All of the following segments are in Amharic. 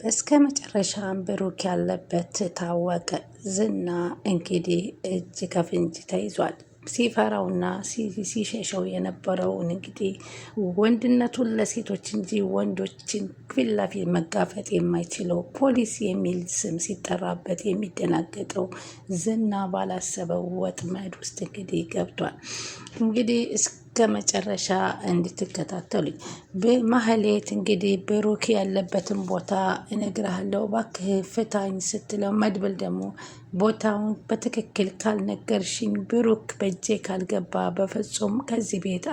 በስከ መጨረሻ ብሩክ ያለበት ታወቀ። ዝና እንግዲህ እጅ ከፍንጅ ተይዟል። ሲፈራውና ሲሸሸው የነበረውን እንግዲህ ወንድነቱን ለሴቶች እንጂ ወንዶችን ፊት ለፊት መጋፈጥ የማይችለው ፖሊስ የሚል ስም ሲጠራበት የሚደናገጠው ዝና ባላሰበው ወጥመድ ውስጥ እንግዲህ ገብቷል እንግዲህ እስከ መጨረሻ እንድትከታተሉኝ። ማህሌት እንግዲህ ብሩክ ያለበትን ቦታ እነግርሃለሁ፣ እባክህ ፍታኝ ስትለው መድብል ደግሞ ቦታውን በትክክል ካልነገርሽኝ ብሩክ በእጄ ካልገባ በፍጹም ከዚህ ቤት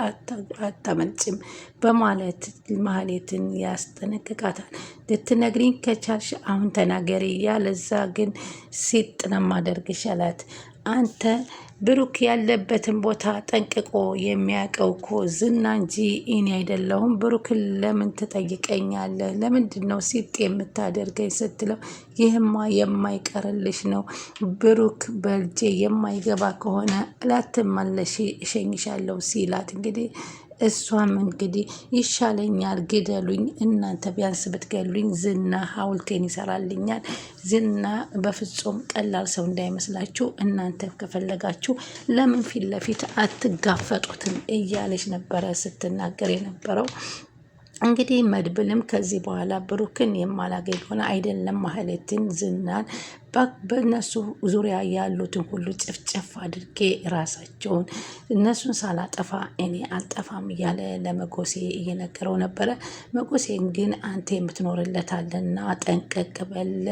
አታመልጭም በማለት ማህሌትን ያስጠነቅቃታል። ልትነግሪኝ ከቻልሽ አሁን ተናገሪ፣ ያለዛ ግን ሲጥ ነው የማደርግሽ አላት። አንተ ብሩክ ያለበትን ቦታ ጠንቅቆ የሚያውቀው እኮ ዝና እንጂ እኔ አይደለሁም። ብሩክን ለምን ትጠይቀኛለህ? ለምንድን ነው ሲጥ የምታደርገኝ ስትለው ይህማ የማይቀርልሽ ነው። ብሩክ በልጄ የማይገባ ከሆነ እላትም አለሽ እሸኝሻለሁ ሲላት እንግዲህ እሷም እንግዲህ ይሻለኛል፣ ግደሉኝ፣ እናንተ ቢያንስ ብትገሉኝ ዝና ሐውልቴን ይሰራልኛል። ዝና በፍጹም ቀላል ሰው እንዳይመስላችሁ፣ እናንተ ከፈለጋችሁ ለምን ፊት ለፊት አትጋፈጡትም? እያለች ነበረ ስትናገር የነበረው። እንግዲህ መድብልም ከዚህ በኋላ ብሩክን የማላገኝ ሆነ አይደለም ማህሌትን ዝናን በእነሱ ዙሪያ ያሉትን ሁሉ ጭፍጨፍ አድርጌ ራሳቸውን እነሱን ሳላጠፋ እኔ አልጠፋም እያለ ለመጎሴ እየነገረው ነበረ። መጎሴን ግን አንተ የምትኖርለታለና ጠንቀቅ በለ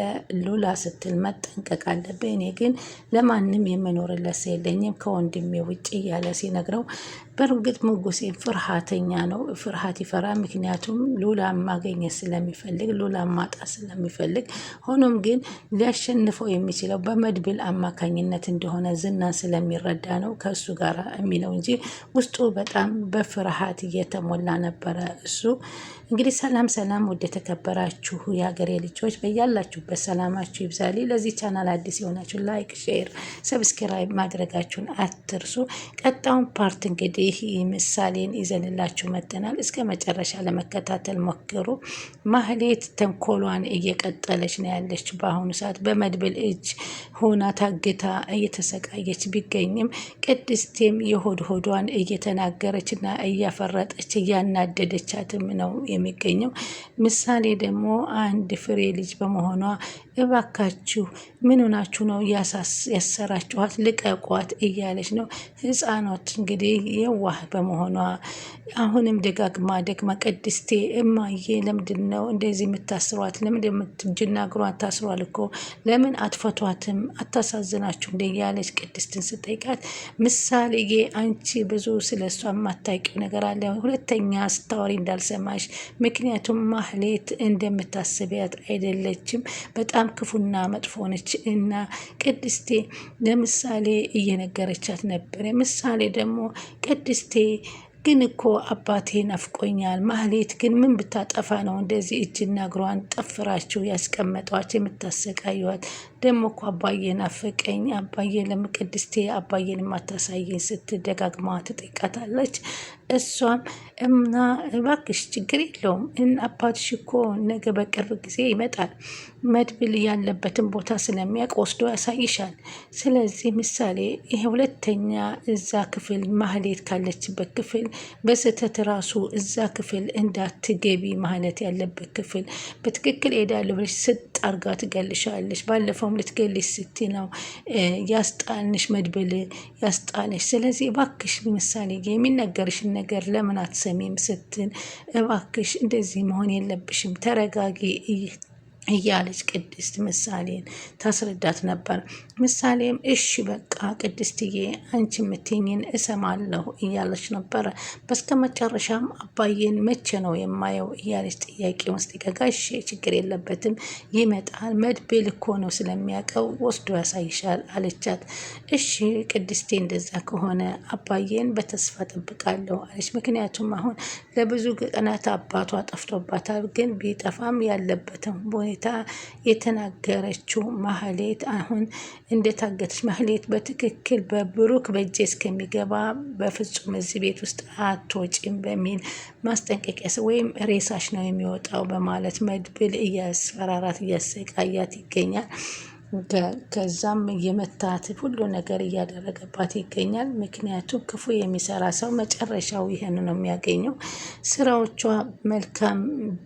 ሉላ ስትል መጠንቀቅ አለብህ፣ እኔ ግን ለማንም የምኖርለት የለኝም ከወንድሜ ውጭ እያለ ሲነግረው በእርግጥ ምጉሴ ፍርሃተኛ ነው። ፍርሃት ይፈራ። ምክንያቱም ሉላ ማገኘት ስለሚፈልግ፣ ሉላ ማጣ ስለሚፈልግ። ሆኖም ግን ሊያሸንፈው የሚችለው በመድብል አማካኝነት እንደሆነ ዝናን ስለሚረዳ ነው ከእሱ ጋር የሚለው እንጂ ውስጡ በጣም በፍርሃት እየተሞላ ነበረ እሱ እንግዲህ ሰላም ሰላም፣ ወደ ተከበራችሁ የሀገሬ ልጆች በያላችሁበት ሰላማችሁ ይብዛል። ለዚህ ቻናል አዲስ የሆናችሁ ላይክ፣ ሼር፣ ሰብስክራይብ ማድረጋችሁን አትርሱ። ቀጣውን ፓርት እንግዲህ ምሳሌን ይዘንላችሁ መጥተናል። እስከ መጨረሻ ለመከታተል ሞክሩ። ማህሌት ተንኮሏን እየቀጠለች ነው ያለች። በአሁኑ ሰዓት በመድብል እጅ ሆና ታግታ እየተሰቃየች ቢገኝም ቅድስቴም የሆድ ሆዷን እየተናገረችና እያፈረጠች እያናደደቻትም ነው የሚገኘው። ምሳሌ ደግሞ አንድ ፍሬ ልጅ በመሆኗ እባካችሁ ምን ሆናችሁ ነው ያሰራችኋት? ልቀቋት እያለች ነው። ህፃኖት እንግዲህ የዋህ በመሆኗ አሁንም ደጋግማ ደግማ ቅድስቴ እማዬ ለምንድን ነው እንደዚህ የምታስሯት? ለምን የምትእጅና እግሯን ታስሯል እኮ ለምን አትፈቷትም? አታሳዝናችሁ እንደ እያለች ቅድስትን ስጠይቃት ምሳሌዬ አንቺ ብዙ ስለ እሷ የማታውቂው ነገር አለ። ሁለተኛ ስታወሪ እንዳልሰማሽ ምክንያቱም ማህሌት እንደምታስቢያት አይደለችም። በጣም ክፉና መጥፎ ነች እና ቅድስቴ ለምሳሌ እየነገረቻት ነበር። ምሳሌ ደግሞ ቅድስቴ ግን እኮ አባቴ ናፍቆኛል። ማህሌት ግን ምን ብታጠፋ ነው እንደዚህ እጅና እግሯን ጠፍራችሁ ያስቀመጧት የምታሰቃዩዋት? ደግሞ እኮ አባዬ ናፈቀኝ፣ አባዬ ለምቅድስቴ አባዬን የማታሳየኝ ስትደጋግማ ትጠይቃታለች። እሷም እና እባክሽ ችግር የለውም አባትሽ እኮ ነገ በቅርብ ጊዜ ይመጣል፣ መድብል ያለበትን ቦታ ስለሚያውቅ ወስዶ ያሳይሻል። ስለዚህ ምሳሌ ይሄ ሁለተኛ እዛ ክፍል ማህሌት ካለችበት ክፍል በስህተት ራሱ እዛ ክፍል እንዳትገቢ ማለት ያለበት ክፍል በትክክል ሄዳለሁ ብለሽ አርጋ ትገልሻለች። ባለፈውም ልትገልሽ ስቲ ነው ያስጣንሽ መድብል ያስጣንሽ። ስለዚህ እባክሽ ምሳሌ የሚነገርሽን ነገር ለምን አትሰሚም ስትል እባክሽ እንደዚህ መሆን የለብሽም ተረጋጊ እያለች ቅድስት ምሳሌን ታስረዳት ነበር። ምሳሌም እሺ በቃ ቅድስትዬ አንቺ የምትኝን እሰማለሁ እያለች ነበረ። በስከ መጨረሻም አባዬን መቼ ነው የማየው እያለች ጥያቄ ውስጥ ገጋሽ፣ ችግር የለበትም ይመጣል፣ መድቤል እኮ ነው ስለሚያውቀው ወስዶ ያሳይሻል አለቻት። እሺ ቅድስቴ እንደዛ ከሆነ አባዬን በተስፋ ጠብቃለሁ አለች። ምክንያቱም አሁን ለብዙ ቀናት አባቷ ጠፍቶባታል። ግን ቢጠፋም ያለበትም ሁኔታ የተናገረችው ማህሌት አሁን እንደታገተች ማህሌት በትክክል በብሩክ በእጄ እስከሚገባ በፍጹም እዚህ ቤት ውስጥ አትወጪም በሚል ማስጠንቀቂያ ወይም ሬሳሽ ነው የሚወጣው በማለት መድብል እያስፈራራት እያሰቃያት ይገኛል። ከዛም የመታት ሁሉ ነገር እያደረገባት ይገኛል። ምክንያቱም ክፉ የሚሰራ ሰው መጨረሻው ይህን ነው የሚያገኘው። ስራዎቿ መልካም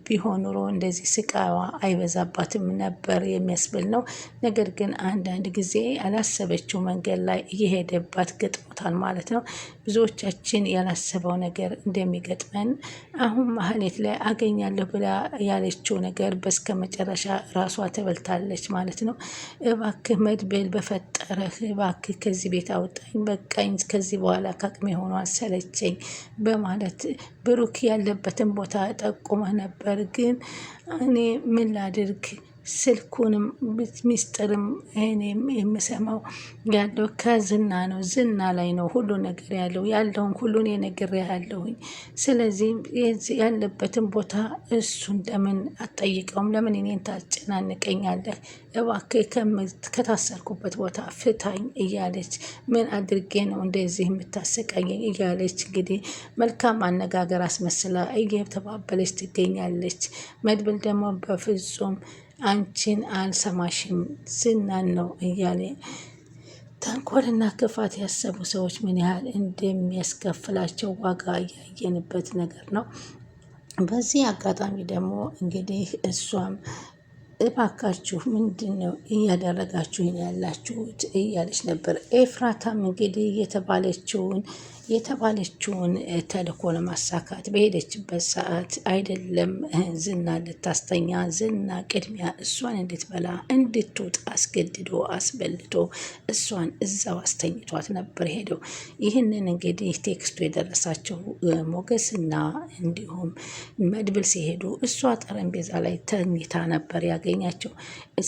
ቢሆን ኑሮ እንደዚህ ስቃዋ አይበዛባትም ነበር የሚያስብል ነው። ነገር ግን አንዳንድ ጊዜ ያላሰበችው መንገድ ላይ እየሄደባት ገጥሞታል ማለት ነው። ብዙዎቻችን ያላሰበው ነገር እንደሚገጥመን አሁን ማህሌት ላይ አገኛለሁ ብላ ያለችው ነገር በስከ መጨረሻ ራሷ ተበልታለች ማለት ነው። እባክህ መድብል በፈጠረህ እባክህ ከዚህ ቤት አውጣኝ፣ በቃኝ፣ ከዚህ በኋላ ከአቅሜ ሆኖ አሰለቸኝ በማለት ብሩክ ያለበትን ቦታ ጠቁመህ ነበር። ግን እኔ ምን ላድርግ ስልኩንም ሚስጥርም እኔም የምሰማው ያለው ከዝና ነው። ዝና ላይ ነው ሁሉ ነገር ያለው ያለውን ሁሉን የነገር ያለሁኝ። ስለዚህ ያለበትን ቦታ እሱን ለምን አትጠይቀውም? ለምን እኔን ታጨናንቀኛለህ? እባክህ ከታሰርኩበት ቦታ ፍታኝ እያለች ምን አድርጌ ነው እንደዚህ የምታሰቃኝ እያለች እንግዲህ መልካም አነጋገር አስመስላ እየተባበለች ትገኛለች። መድብል ደግሞ በፍጹም አንቺን አልሰማሽም ዝናን ነው እያለ ተንኮልና ክፋት ያሰቡ ሰዎች ምን ያህል እንደሚያስከፍላቸው ዋጋ እያየንበት ነገር ነው። በዚህ አጋጣሚ ደግሞ እንግዲህ እሷም እባካችሁ ምንድን ነው እያደረጋችሁ ያላችሁት እያለች ነበር። ኤፍራታም እንግዲህ የተባለችውን የተባለችውን ተልእኮ ለማሳካት በሄደችበት ሰዓት አይደለም ዝና ልታስተኛ ዝና ቅድሚያ እሷን እንድትበላ እንድትወጥ አስገድዶ አስበልቶ እሷን እዛው አስተኝቷት ነበር ሄደው። ይህንን እንግዲህ ቴክስቱ የደረሳቸው ሞገስና እንዲሁም መድብል ሲሄዱ እሷ ጠረጴዛ ላይ ተኝታ ነበር ያገኛቸው።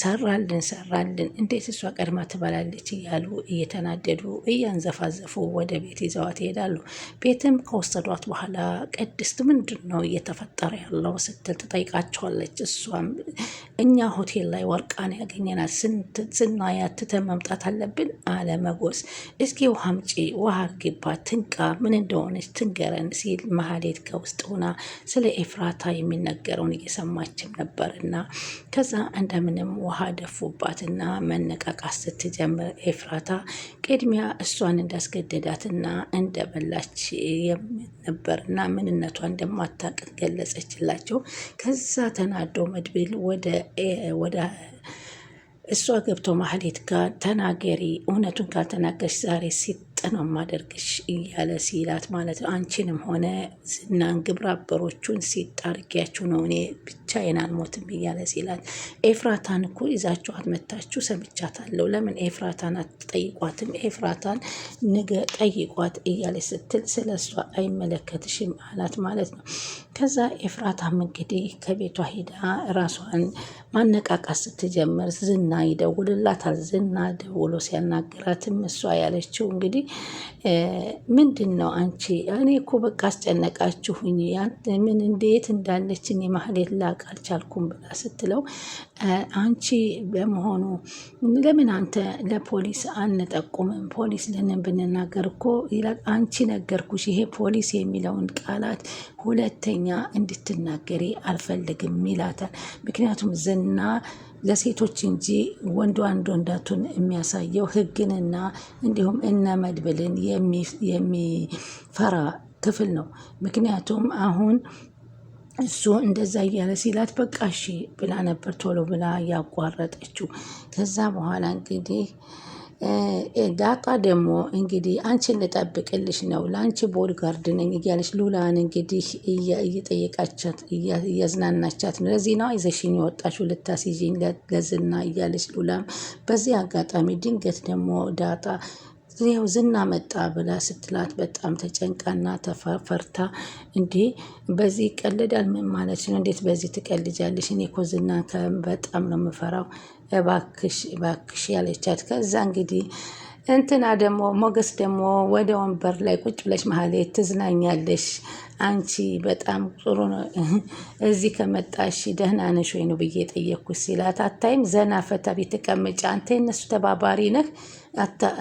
ሰራልን ሰራልን፣ እንዴት እሷ ቀድማ ትበላለች እያሉ እየተናደዱ እያንዘፋዘፉ ወደ ቤት ይዘዋት ይሄዳሉ። ቤትም ከወሰዷት በኋላ ቅድስት ምንድን ነው እየተፈጠረ ያለው ስትል ትጠይቃቸዋለች። እሷም እኛ ሆቴል ላይ ወርቃን ያገኘናል ስናያት ትተን መምጣት አለብን አለ መጎስ። እስኪ ውሃ አምጪ፣ ውሃ ግባ፣ ትንቃ፣ ምን እንደሆነች ትንገረን ሲል መሀሌት ከውስጥ ሆና ስለ ኤፍራታ የሚነገረውን እየሰማችም ነበርና ከዛ እንደምንም ውሃ ደፉባትና መነቃቃት ስትጀምር ኤፍራታ ቅድሚያ እሷን እንዳስገደዳትና እንደ እንደበላች ነበርና ምንነቷ እንደማታቅ ገለጸችላቸው። ከዛ ተናዶ መድብል ወደ እሷ ገብቶ ማህሌት ጋር ተናገሪ፣ እውነቱን ካልተናገርሽ ዛሬ ሲት ምርጥ ነው ማደርግሽ እያለ ሲላት ማለት ነው። አንቺንም ሆነ ዝናን ግብረ አበሮቹን ሲጣርጊያችሁ ነው እኔ ብቻዬን አልሞትም እያለ ሲላት፣ ኤፍራታን እኮ ይዛችኋት መታችሁ ሰምቻታለሁ። ለምን ኤፍራታን አትጠይቋትም? ኤፍራታን ንገ ጠይቋት እያለ ስትል ስለ እሷ አይመለከትሽም አላት ማለት ነው። ከዛ ኤፍራታም እንግዲህ ከቤቷ ሂዳ ራሷን ማነቃቃት ስትጀምር ዝና ይደውልላታል። ዝና ደውሎ ሲያናግራትም እሷ ያለችው እንግዲህ ምንድን ነው አንቺ እኔ እኮ በቃ አስጨነቃችሁኝ፣ ምን እንዴት እንዳለችን የማህሌት ላቅ አልቻልኩም ብላ ስትለው አንቺ በመሆኑ ለምን አንተ ለፖሊስ አንጠቁምም? ፖሊስ ልንን ብንናገር እኮ ይላል። አንቺ ነገርኩሽ፣ ይሄ ፖሊስ የሚለውን ቃላት ሁለተኛ እንድትናገሪ አልፈልግም ይላታል። ምክንያቱም ዝና ለሴቶች እንጂ ወንድ አንድ ወንዳቱን የሚያሳየው ህግንና እንዲሁም እነ መድብልን የሚፈራ ክፍል ነው። ምክንያቱም አሁን እሱ እንደዛ እያለ ሲላት በቃ እሺ ብላ ነበር ቶሎ ብላ ያቋረጠችው። ከዛ በኋላ እንግዲህ ዳጣ ደግሞ እንግዲህ አንቺን ልጠብቅልሽ ነው ለአንቺ ቦድጋርድ ነኝ እያለች ሉላን እንግዲህ እየጠየቃቻት እያዝናናቻት ነው። ለዜና ይዘሽኝ የወጣሽው ልታስይዥኝ ለዝና እያለች ሉላም በዚህ አጋጣሚ ድንገት ደግሞ ዳጣ ያው ዝና መጣ ብላ ስትላት በጣም ተጨንቃና ተፈርታ፣ እንዴ በዚህ ይቀልዳል? ምን ማለት ነው? እንዴት በዚህ ትቀልጃለሽ? እኔ እኮ ዝና በጣም ነው የምፈራው፣ እባክሽ እባክሽ ያለቻት። ከዛ እንግዲህ እንትና ደግሞ ሞገስ ደግሞ ወደ ወንበር ላይ ቁጭ ብለሽ መሀሌ ትዝናኛለሽ፣ አንቺ በጣም ጥሩ ነው እዚህ ከመጣሽ ደህና ነሽ ወይ ነው ብዬ ጠየቅኩሽ ሲላት፣ አታይም ዘና ፈታ ቤት ተቀምጫ አንተ የነሱ ተባባሪ ነህ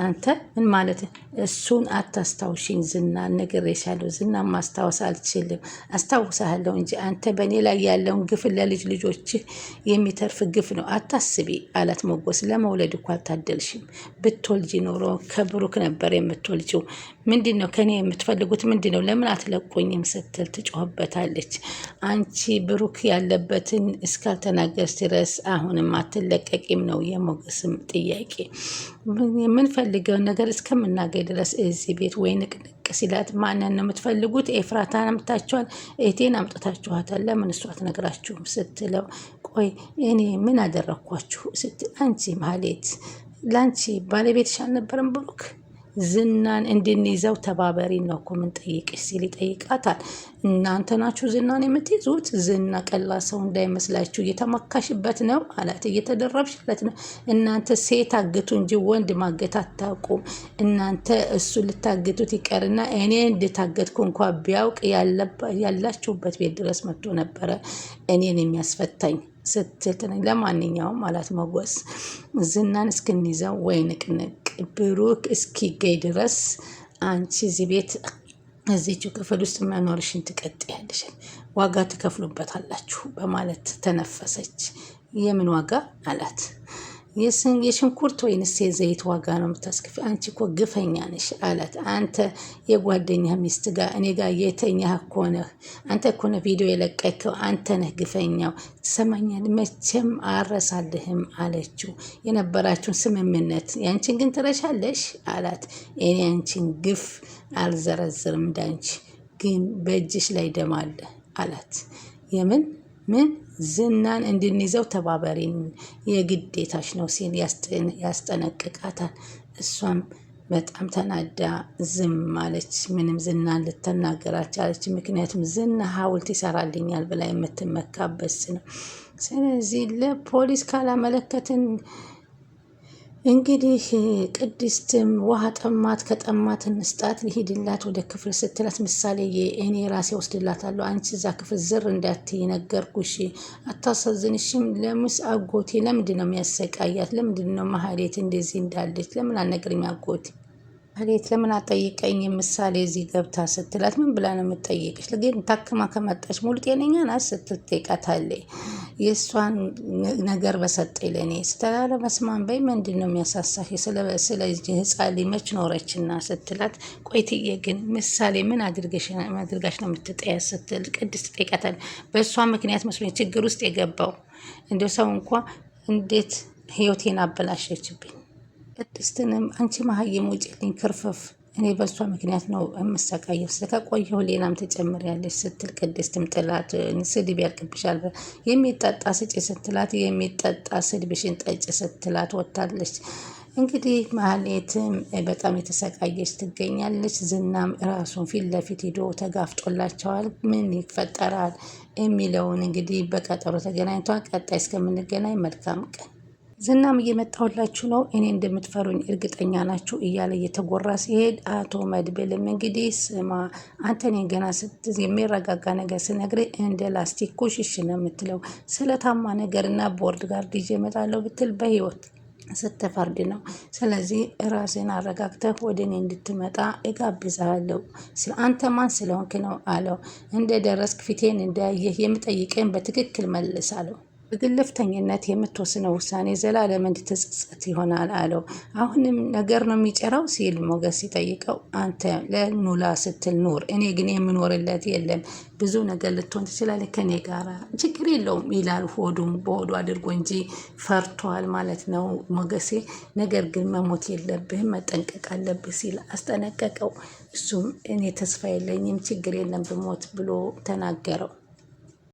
አንተ ምን ማለት እሱን አታስታውሽኝ፣ ዝና ነግሬሻለሁ። ዝና ማስታወስ አልችልም፣ አስታውሳለሁ እንጂ አንተ በእኔ ላይ ያለውን ግፍን ለልጅ ልጆች የሚተርፍ ግፍ ነው፣ አታስቢ አላት መጎስ ለመውለድ እኮ አልታደልሽም፣ ብትወልጂ ኖሮ ከብሩክ ነበር የምትወልጂው። ምንድን ነው ከኔ የምትፈልጉት ምንድን ነው? ለምን አትለቁኝም? ስትል ትጮህበታለች። አንቺ ብሩክ ያለበትን እስካልተናገርሽ ድረስ አሁንም አትለቀቂም ነው የሞገስም ጥያቄ። የምንፈልገውን ነገር እስከምናገኝ ድረስ እዚህ ቤት ወይ ንቅንቅ ሲላት ማንን ነው የምትፈልጉት? ኤፍራታን አምጥታችኋል፣ እህቴን አምጥታችኋታል፣ ለምን እሷ አትነግራችሁም? ስትለው ቆይ እኔ ምን አደረግኳችሁ? ስትል አንቺ ማህሌት ለአንቺ ባለቤትሽ አልነበረም ብሩክ ዝናን እንድንይዘው ተባበሪ ነው እኮ ምንጠይቅሽ ሲል ይጠይቃታል። እናንተ ናችሁ ዝናን የምትይዙት? ዝና ቀላል ሰው እንዳይመስላችሁ እየተመካሽበት ነው አላት። እየተደረብሽለት ነው። እናንተ ሴት አግቱ እንጂ ወንድ ማገት አታውቁም። እናንተ እሱ ልታግቱት ይቀርና እኔ እንድታገትኩ እንኳ ቢያውቅ ያላችሁበት ቤት ድረስ መጥቶ ነበረ እኔን የሚያስፈታኝ ስትል ለማንኛውም አላት መጎስ ዝናን እስክንይዘው ወይ ንቅንቅ ብሩክ እስኪገኝ ድረስ አንቺ እዚህ ቤት እዚችው ክፍል ውስጥ መኖርሽን ትቀጥያለሽ፣ ዋጋ ትከፍሉበታላችሁ በማለት ተነፈሰች። የምን ዋጋ አላት። የሽንኩርት ወይንስ የዘይት ዋጋ ነው የምታስከፊ? አንቺ እኮ ግፈኛ ነሽ አላት። አንተ የጓደኛ ሚስት ጋር እኔ ጋር የተኛ እኮ ነህ አንተ እኮ ነህ ቪዲዮ የለቀከው አንተ ነህ ግፈኛው። ትሰማኛል? መቼም አረሳልህም አለችው። የነበራችሁን ስምምነት ያንቺን ግን ትረሻለሽ አላት። እኔ አንቺን ግፍ አልዘረዝርም ዳንች ግን በእጅሽ ላይ ደም አለ አላት። የምን ምን ዝናን እንድንይዘው ተባበሪን የግዴታሽ ነው ሲል ያስጠነቅቃታል። እሷም በጣም ተናዳ ዝም አለች። ምንም ዝናን ልትናገር አልቻለች። ምክንያቱም ዝና ሐውልት ይሰራልኛል ብላ የምትመካበት ነው። ስለዚህ ለፖሊስ ካላመለከትን እንግዲህ ቅድስትም ውሃ ጠማት፣ ከጠማት እንስጣት ሊሄድላት ወደ ክፍል ስትላት ምሳሌ እኔ ራሴ ወስድላታለሁ፣ አንቺ እዛ ክፍል ዝር እንዳትይ ነገርኩሽ። አታሳዝንሽም? ለምስ አጎቴ ለምንድን ነው የሚያሰቃያት? ለምንድን ነው መሀሌት እንደዚህ እንዳለች ለምን አልነገረኝ አጎቴ እህሌት ለምን አጠይቀኝ ምሳሌ እዚህ ገብታ ስትላት ምን ብላ ነው የምጠይቅሽ? ግን ታክማ ከመጣች ሙሉ ጤነኛ ናት ስትል የእሷን ነገር በሰጠኝ ለእኔ ስተላለ መስማን በይ ምንድን ነው የሚያሳሳሽ? ስለዚህ ህፃን ልጅ መች ኖረችና ስትላት ቆይትዬ ግን ምሳሌ ምን አድርጋሽ ነው የምትጠያ ስትል ቅድስት ትጠይቃታለች። በእሷ ምክንያት መስሎኝ ችግር ውስጥ የገባው እንደ ሰው እንኳ እንዴት ህይወቴን አበላሸችብኝ ቅድስትንም አንቺ መሀይም ውጭልኝ ክርፍፍ እኔ በእሷ ምክንያት ነው የምሰቃየው፣ ከቆየው ሌላም ትጨምሪያለሽ ስትል ቅድስትም ጥላት ስድብ ያልቅብሻል፣ የሚጠጣ ስጭ ስትላት የሚጠጣ ስድብሽን ጠጭ ስትላት ወታለች። እንግዲህ ማህሌትም በጣም የተሰቃየች ትገኛለች። ዝናም ራሱን ፊት ለፊት ሂዶ ተጋፍጦላቸዋል። ምን ይፈጠራል የሚለውን እንግዲህ በቀጠሮ ተገናኝቷ ቀጣይ እስከምንገናኝ መልካም ቀን ዝናም እየመጣሁላችሁ ነው እኔ እንደምትፈሩኝ እርግጠኛ ናችሁ እያለ እየተጎራ ሲሄድ አቶ መድብልም እንግዲህ ስማ አንተ እኔን ገና ስትዝ የሚረጋጋ ነገር ስነግር እንደ ላስቲክ ኮሽሽ ነው የምትለው ስለታማ ነገርና ቦርድ ጋር ይዤ እመጣለሁ ብትል በህይወት ስትፈርድ ነው። ስለዚህ ራሴን አረጋግተህ ወደ እኔ እንድትመጣ እጋብዝሃለሁ። ስለ አንተ ማን ስለሆንክ ነው አለው። እንደ ደረስክ ፊቴን እንዳየህ የምጠይቀን በትክክል መልስ አለው። በግልፍተኝነት የምትወስነው ውሳኔ ዘላለም እንድትጸጸት ይሆናል አለው። አሁንም ነገር ነው የሚጨራው ሲል ሞገስ ሲጠይቀው አንተ ለኑላ ስትል ኑር፣ እኔ ግን የምኖርለት የለም። ብዙ ነገር ልትሆን ትችላለ ከኔ ጋር ችግር የለውም ይላል። ሆዱም በሆዱ አድርጎ እንጂ ፈርቷል ማለት ነው ሞገሴ። ነገር ግን መሞት የለብህም መጠንቀቅ አለብህ ሲል አስጠነቀቀው። እሱም እኔ ተስፋ የለኝም ችግር የለም ብሞት ብሎ ተናገረው።